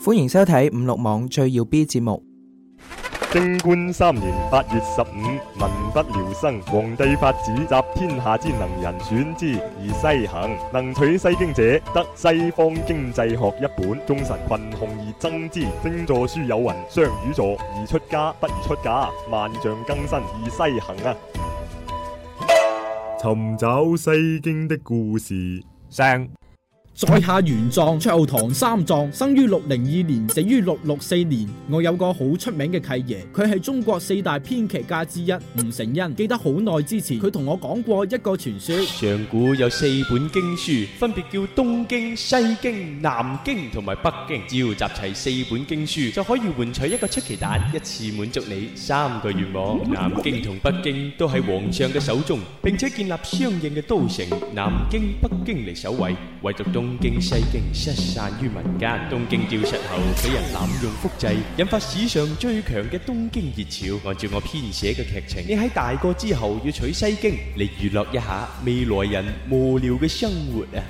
歡迎收睇五六網最耀 B 節目。貞觀三年八月十五，民不聊生，皇帝發旨，集天下之能人選之而西行。能取《西經》者，得西方經濟學一本。眾神群雄而爭之，星座書有云：雙魚座而出家，不如出家。萬象更新而西行啊！尋找《西經》的故事。上。在下原玄奘，初唐三藏，生於六零二年，死於六六四年。我有個好出名嘅契爺，佢係中國四大編劇家之一吳承恩。記得好耐之前，佢同我講過一個傳說：上古有四本經書，分別叫東經、西經、南經同埋北經，只要集齊四本經書，就可以換取一個出奇蛋，一次滿足你三個願望。南經同北經都喺皇上嘅手中，並且建立相應嘅都城。南經、北經嚟守衛，唯獨東。東經西經失散於民間，東經丟失後俾人濫用複製，引發史上最強嘅東京熱潮。按照我編寫嘅劇情，你喺大個之後要取西經，嚟娛樂一下未來人無聊嘅生活啊！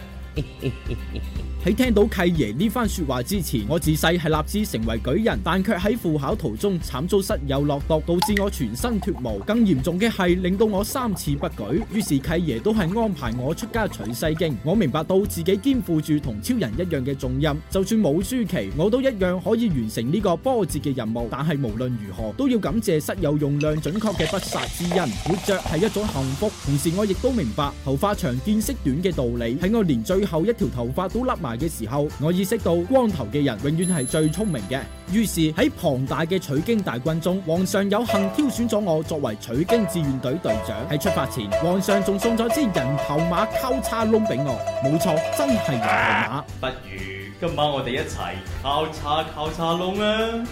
喺 聽到契爺呢番說話之前，我自細係立志成為舉人，但卻喺赴考途中慘遭室友落毒，導致我全身脫毛，更嚴重嘅係令到我三次不舉。於是契爺都係安排我出家取《西經》，我明白到自己肩負住同超人一樣嘅重任，就算冇舒淇，我都一樣可以完成呢個波折嘅任務。但係無論如何，都要感謝室友用量準確嘅不殺之恩，活着係一種幸福。同時我亦都明白頭髮長見識短嘅道理，喺我連最最後一條頭髮都甩埋嘅時候，我意識到光頭嘅人永遠係最聰明嘅。於是喺龐大嘅取經大軍中，皇上有幸挑選咗我作為取經志願隊隊長。喺出發前，皇上仲送咗支人頭馬交叉窿俾我。冇錯，真係人頭馬。不如今晚我哋一齊交叉交叉窿啊！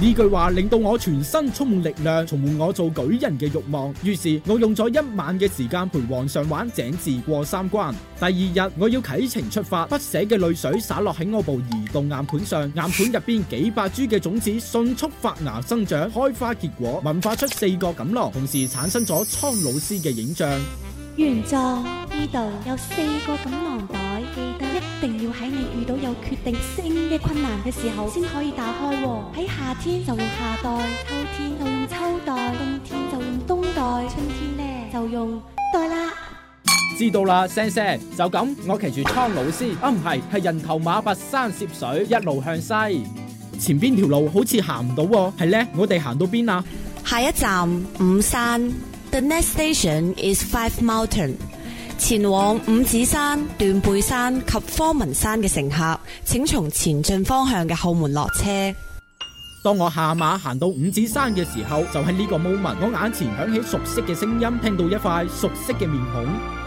呢句話令到我全身充滿力量，充滿我做舉人嘅慾望。於是我用咗一晚嘅時間陪皇上玩井字過三關。第二日我要啟程出發，不捨嘅淚水灑落喺我部移動硬盤上，硬盤入邊幾百。豬嘅種子迅速發芽生長，開花結果，萌化出四個錦囊，同時產生咗蒼老師嘅影像原作。原作呢度有四個錦囊袋，記得一定要喺你遇到有決定性嘅困難嘅時候先可以打開。喺夏天就用夏袋，秋天就用秋袋，冬天就用冬袋，春天呢就用袋啦。知道啦，聲聲就咁，我騎住蒼老師啊，唔係係人頭馬拔山涉水，一路向西。前邊條路好似行唔到喎，哦，係呢？我哋行到邊啊？下一站五山，The next station is Five Mountain。前往五指山、斷背山及科文山嘅乘客，請從前進方向嘅後門落車。當我下馬行到五指山嘅時候，就喺呢個 moment，我眼前響起熟悉嘅聲音，聽到一塊熟悉嘅面孔。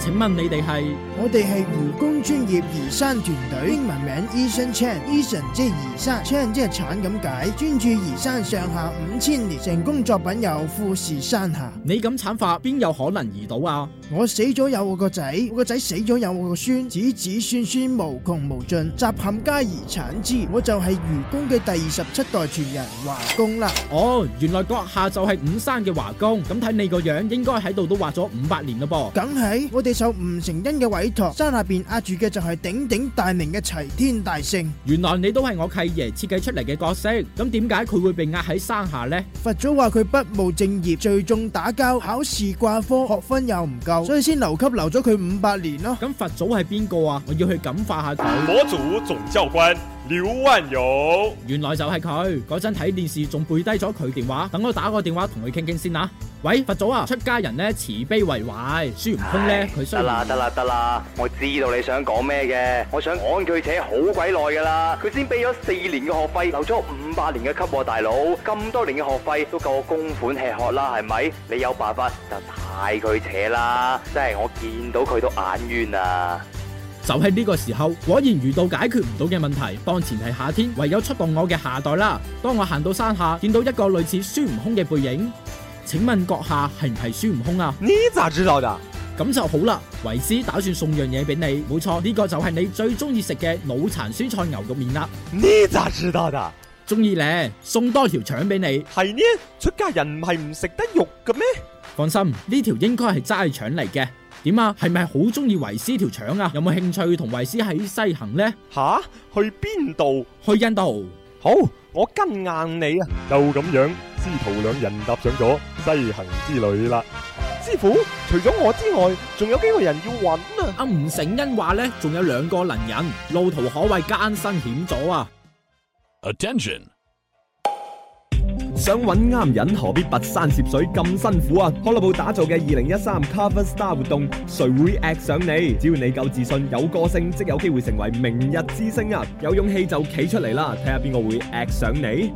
請問你哋係？我哋係愚公專業移山團隊，英文名 Eason Chan，Eason 即係移山，Chan 即係鏟咁解，專注移山上下五千年，成功作品有富士山下。你咁鏟法，邊有可能移到啊？我死咗有我個仔，我個仔死咗有我個孫，子子孫孫無窮無盡，集合家移鏟之，我就係愚公嘅第二十七代傳人華公啦。哦，原來閣下就係五山嘅華公。咁睇你個樣應該，應該喺度都畫咗五百年咯噃。梗係接受吳承恩嘅委託，山下邊壓住嘅就係鼎鼎大名嘅齊天大聖。原來你都係我契爺設計出嚟嘅角色，咁點解佢會被壓喺山下呢？佛祖話佢不務正業，聚眾打交，考試掛科，學分又唔夠，所以先留級留咗佢五百年咯。咁佛祖係邊個啊？我要去感化下佢。佛祖總教官。廖萬有，原來就係佢。嗰陣睇電視仲背低咗佢電話，等我打個電話同佢傾傾先啦。喂，佛祖啊，出家人呢慈悲為懷，孫悟空呢，佢得啦得啦得啦，我知道你想講咩嘅。我想講佢扯好鬼耐噶啦，佢先俾咗四年嘅學費，留咗五百年嘅級，我大佬，咁多年嘅學費都夠我供款吃喝啦，係咪？你有辦法就帶佢扯啦，真係我見到佢都眼冤啊！就喺呢個時候，果然遇到解決唔到嘅問題。當前係夏天，唯有出動我嘅下代啦。當我行到山下，見到一個類似孫悟空嘅背影，請問閣下係唔係孫悟空啊？你咋知道的？咁就好啦，為師打算送樣嘢俾你。冇錯，呢、這個就係你最中意食嘅腦殘酸菜牛肉麵啦。你咋知道的？中意咧，送多條腸俾你。係呢，出家人唔係唔食得肉嘅咩？放心，呢條應該係齋腸嚟嘅。點啊，係咪好中意為師條腸啊？有冇興趣同為師喺西行呢？吓、啊，去邊度？去印度。好，我跟硬你啊！就咁樣，師徒兩人踏上咗西行之旅啦。師傅，除咗我之外，仲有幾個人要搵啊？阿吳承恩話呢，仲有兩個能人，路途可謂艱辛險阻啊。Attention。想揾啱人，何必跋山涉水咁辛苦啊！可樂部打造嘅二零一三 Cover Star 活動，誰會 act 上你？只要你夠自信、有個性，即有機會成為明日之星啊！有勇氣就企出嚟啦，睇下邊個會 act 上你。